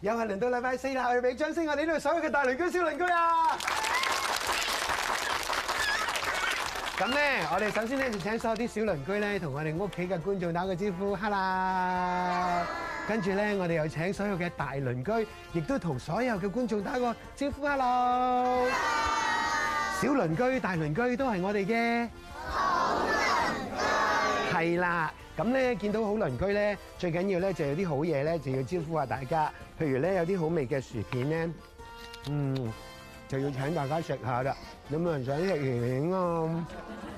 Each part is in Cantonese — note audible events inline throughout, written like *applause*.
又係輪到禮拜四啦，我要俾掌聲我哋呢度所有嘅大鄰居、小鄰居啊！咁咧，我哋首先咧就請所有啲小鄰居咧，同我哋屋企嘅觀眾打個招呼，哈囉！跟住咧，我哋又請所有嘅大鄰居，亦都同所有嘅觀眾打個招呼，哈囉！小鄰居、大鄰居都係我哋嘅，好鄰居係啦。咁咧見到好鄰居咧，最緊要咧就有啲好嘢咧，就要招呼下大家。譬如咧有啲好味嘅薯片咧，嗯，就要請大家食下啦。有冇人想食圓圓啊？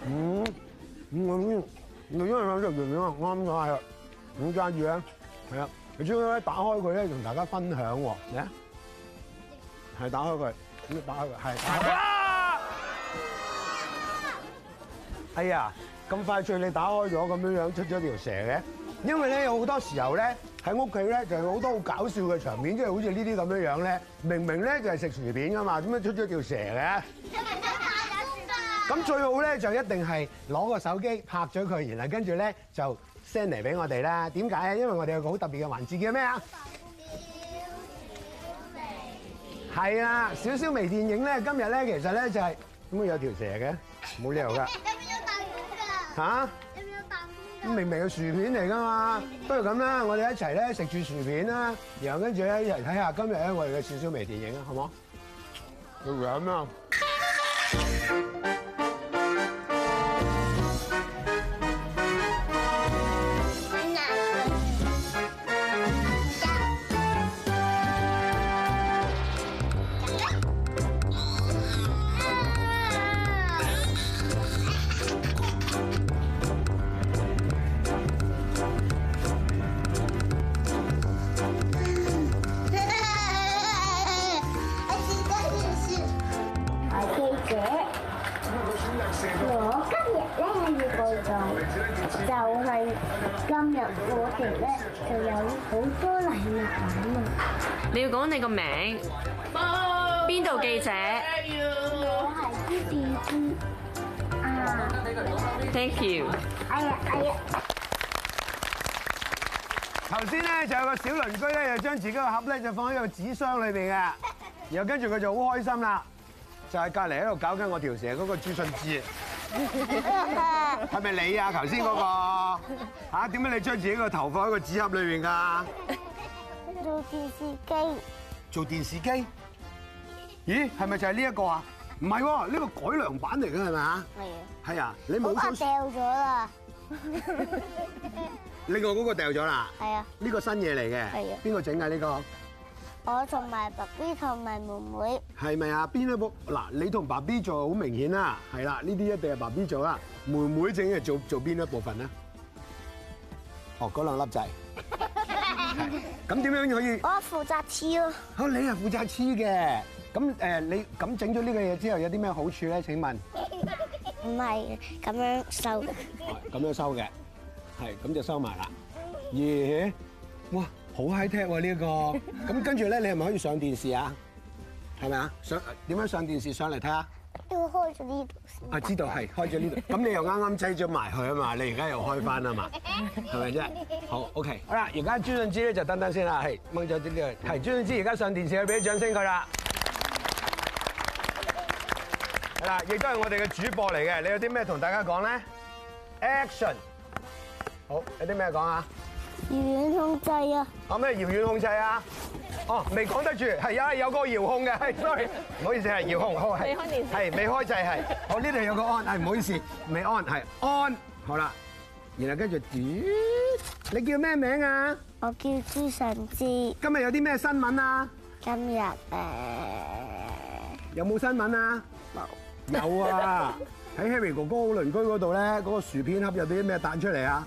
嗯，我呢，我因為我食圓圓啊，啱曬啊。咁揸住啊，係啊，你將佢咧打開佢咧，同大家分享喎。咩啊？係打開佢，要打開佢，係打開。啊！係啊！咁快脆你打開咗咁樣樣出咗條蛇嘅，因為咧有好多時候咧喺屋企咧就有好多好搞笑嘅場面，即係好似呢啲咁樣樣咧，明明咧就係食薯片噶嘛，點解出咗條蛇嘅？咁最好咧就一定係攞個手機拍咗佢，然後跟住咧就 send 嚟俾我哋啦。點解？因為我哋有個好特別嘅環節叫咩啊？少少微係啊，少少微電影咧，今日咧其實咧就係點解有條蛇嘅？冇理由噶。嚇！咁明明係薯片嚟㗎嘛，不如咁啦，我哋一齊咧食住薯片啦，然後跟住咧一齊睇下今日咧我哋嘅小小微電影啊，好冇？錄緊啊！講你個名，邊度記者？我係朱信之。啊，thank you。頭先咧就有個小鄰居咧就將自己個盒咧就放喺個紙箱裏面嘅，然後跟住佢就好開心啦。就係隔離喺度搞緊我條蛇嗰個朱信之，係咪你啊？頭先嗰個嚇？點解你將自己個頭放喺個紙盒裏面㗎？做電視機？做電視機？咦，係咪就係呢一個啊？唔係，呢個改良版嚟嘅，係咪啊？係啊。係啊，你冇手。好，掉咗啦。另外嗰個掉咗啦。係啊。呢個新嘢嚟嘅。係啊。邊個整啊？呢個？我同埋爸爸同埋妹妹。係咪啊？邊一部？嗱，你同爸爸做，好明顯啦。係啦，呢啲一定係爸爸做啦。妹妹淨係做做邊一部分咧？哦，嗰兩粒掣。咁點樣可以？我負責黐咯。啊，你係負責黐嘅。咁誒，你咁整咗呢個嘢之後，有啲咩好處咧？請問？唔係咁樣收。咁樣收嘅，係咁就收埋啦。咦！哇，好 high tech 喎呢個。咁跟住咧，你係咪可以上電視啊？係咪啊？上點樣上電視？上嚟睇下。我開咗呢度啊，知道係開咗呢度，咁你又啱啱擠咗埋去啊嘛，嘛，你而家又開翻啊嘛，係咪啫？好，OK，好啦，而家朱俊之咧就等等先啦，係掹咗啲呢，係朱俊之而家上電視去俾啲掌聲佢啦。嗱，亦都係我哋嘅主播嚟嘅，你有啲咩同大家講咧？Action，好，有啲咩講啊？遙遠控制啊！嚇咩遙遠控制啊？哦，未講得住，係啊，有個遙控嘅，係，sorry，唔好意思，係遙控，係未開電視，係未開制，係，我呢度有個按，係，唔好意思，未按，係按，好啦，然後跟住，咦，你叫咩名啊？我叫朱尚志。今日有啲咩新聞啊？今日誒，呃、有冇新聞啊？冇。沒有，有啊，喺 Harry 哥哥鄰居嗰度咧，嗰、嗰個薯片盒有啲咩彈出嚟啊？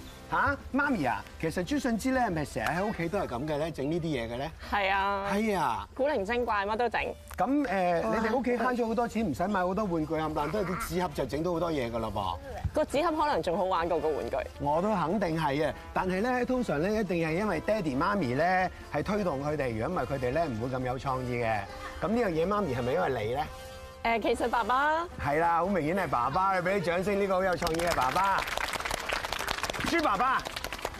吓，媽咪啊，其實朱信之咧係咪成日喺屋企都係咁嘅咧，整呢啲嘢嘅咧。係啊，係啊，古靈精怪，乜都整。咁誒，你哋屋企慳咗好多錢，唔使買好多玩具，冚唪唥都係啲紙盒就整到好多嘢噶啦噃。個紙盒可能仲好玩過個玩具。我都肯定係嘅，但係咧通常咧一定係因為爹哋媽咪咧係推動佢哋，如果唔係佢哋咧唔會咁有創意嘅。咁呢樣嘢媽咪係咪因為你咧？誒，其實爸爸。係啦，好明顯係爸爸，俾你掌聲呢個好有創意嘅爸爸。豬爸爸，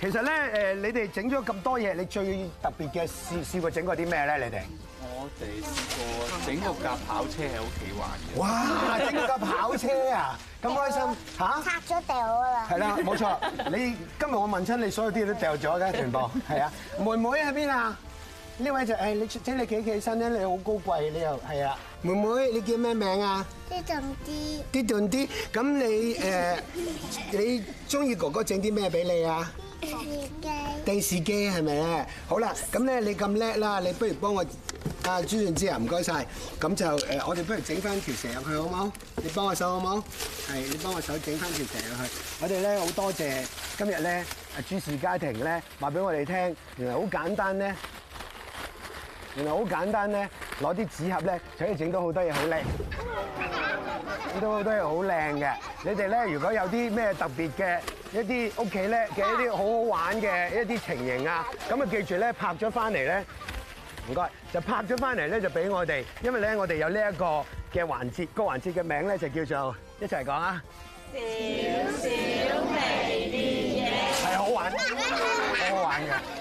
其實咧誒，你哋整咗咁多嘢，你最特別嘅試試過整過啲咩咧？你哋我哋試過整個架跑車喺屋企玩嘅。哇！整個架跑車啊，咁開心嚇！拆咗掉啦。係啦，冇錯。你今日我問親你，所有啲嘢都掉咗嘅全部。係啊，妹妹喺邊啊？呢位就係，你請你企起身咧，你好高貴，你又係啊。妹妹，你叫咩名啊？啲頓啲，啲頓啲。咁你誒，你中意哥哥整啲咩俾你啊？電視機。電視機係咪咧？好啦，咁咧你咁叻啦，你不如幫我，啊朱俊之啊，唔該晒。咁就誒，我哋不如整翻條蛇入去好唔好？你幫我手好唔好？係，你幫我手整翻條蛇入去。我哋咧好多謝今日咧，啊朱氏家庭咧話俾我哋聽，原來好簡單咧。原來好簡單咧，攞啲紙盒咧，就可以整到好多嘢，好靚，整到好多嘢好靚嘅。你哋咧如果有啲咩特別嘅一啲屋企咧嘅一啲好好玩嘅一啲情形啊，咁啊記住咧拍咗翻嚟咧，唔該，就拍咗翻嚟咧就俾我哋，因為咧我哋有呢一個嘅環節，個環節嘅名咧就叫做一齊講啊，小小微啲嘢，係好玩好好玩嘅。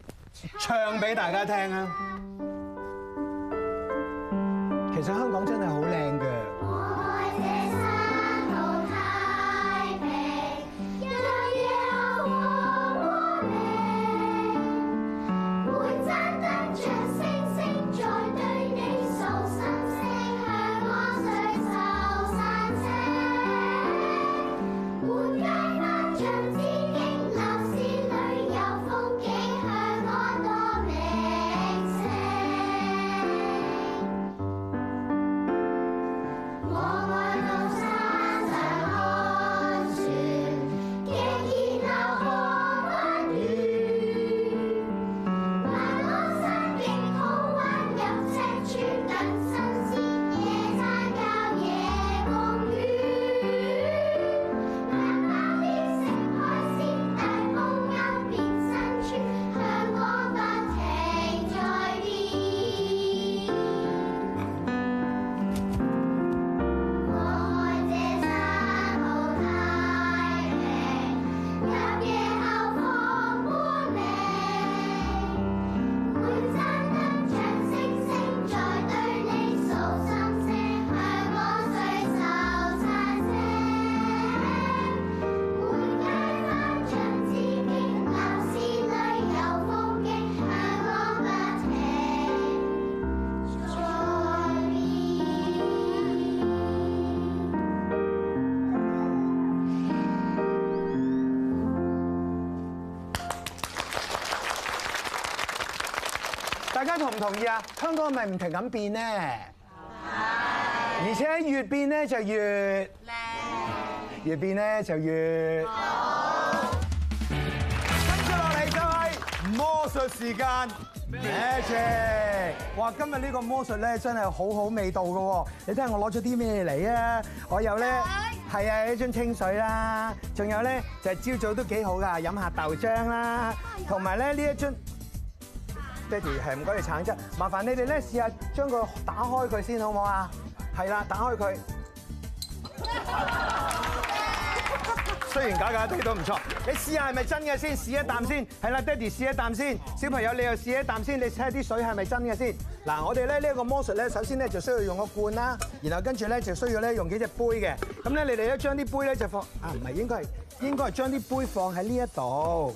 唱畀大家聽啊！其實香港真係好靚嘅。同唔同意啊？香港係咪唔停咁變咧？係。而且越變咧就越靚，越變咧就越好。跟住落嚟就係魔術時間。Magic！哇，今日呢個魔術咧真係好好味道嘅喎。你睇下我攞咗啲咩嚟啊？我有咧，係啊，一樽清水啦。仲有咧就係朝早都幾好㗎，飲下豆漿啦。同埋咧呢一樽。爹哋係唔該，你橙汁，麻煩你哋咧試下將佢打開佢先好唔好啊？係啦，打開佢。雖然假假啲都唔錯，你試下係咪真嘅先？試一啖先。係啦，爹哋試一啖先。小朋友你又試一啖先，你睇下啲水係咪真嘅先？嗱，我哋咧呢一個魔術咧，首先咧就需要用個罐啦，然後跟住咧就需要咧用幾隻杯嘅。咁咧你哋咧將啲杯咧就放啊，唔係應該係應該係將啲杯放喺呢一度。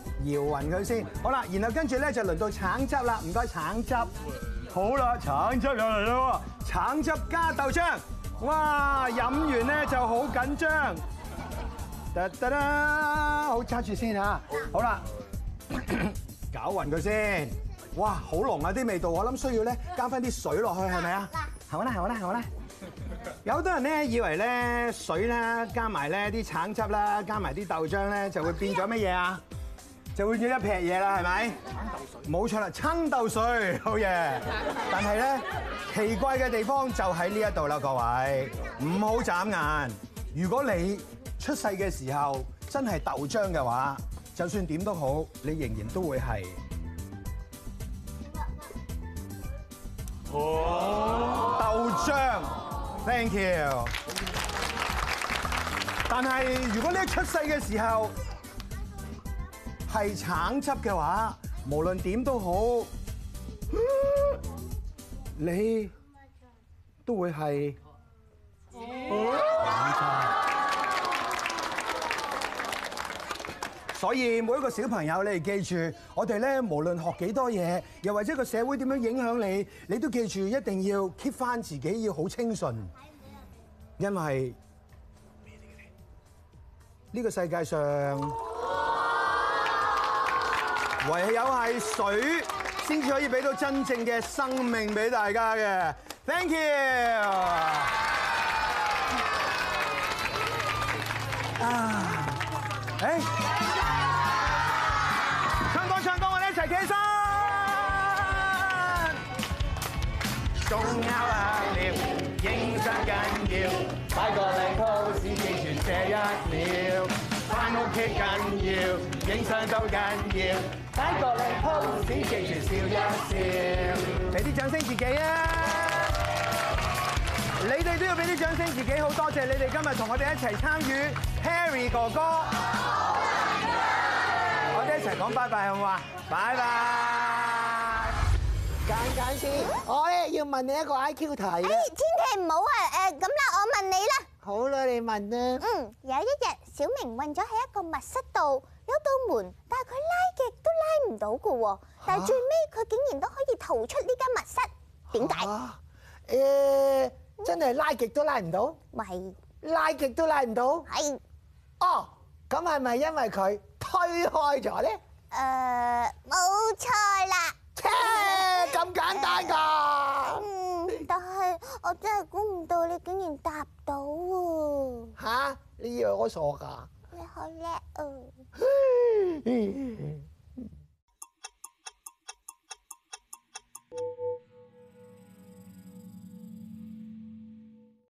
搖勻佢先，好啦，然後跟住咧就輪到橙汁啦。唔該，橙汁，好啦，橙汁又嚟啦，橙汁加豆漿，哇，飲完咧就好緊張，得得嗒，好揸住先嚇。好啦，攪 *coughs* 勻佢先，哇，好濃啊啲味道，我諗需要咧加翻啲水落去，係咪啊？好啦，好啦，好啦，有好多人咧以為咧水咧加埋咧啲橙汁啦，加埋啲豆漿咧就會變咗乜嘢啊？就會轉一撇嘢啦，係咪？冇錯啦，撐豆水好嘢。但係咧，奇怪嘅地方就喺呢一度啦，各位。唔好眨眼。如果你出世嘅時候真係豆漿嘅話，就算點都好，你仍然都會係。哦，豆漿，thank you。但係如果你一出世嘅時候，係橙汁嘅話，無論點都好，你都會係。所以每一個小朋友，你哋記住，我哋咧無論學幾多嘢，又或者個社會點樣影響你，你都記住一定要 keep 返自己，要好清純。因為呢個世界上，唯有係水先至可以俾到真正嘅生命俾大家嘅，Thank you。啊，誒，唱歌唱歌，我哋一齊企起身。仲有一秒影相緊要，擺個靚 pose 記住這一秒，返屋企緊要影相都緊要。第一個咧，post 記住笑一笑，俾啲掌聲自己啊！你哋都要俾啲掌聲自己，好多謝你哋今日同我哋一齊參與，Harry 哥哥，我哋一齊講拜拜好唔好？拜拜！揀一揀先，我啊要問你一個 IQ 題啊！天氣唔好啊，誒咁啦，我問你啦，好啦，你問啦，嗯，有一日。小明困咗喺一個密室度，有道門，但係佢拉極都拉唔到㗎。但係最尾佢竟然都可以逃出呢間密室，點解？誒，真係拉極都拉唔到。咪拉極都拉唔到。係。哦，咁係咪因為佢推開咗咧？誒，冇錯啦。切，咁簡單噶？嗯，但係我真係估唔到你竟然答到。吓？你以為我傻噶？你好叻哦！ *laughs*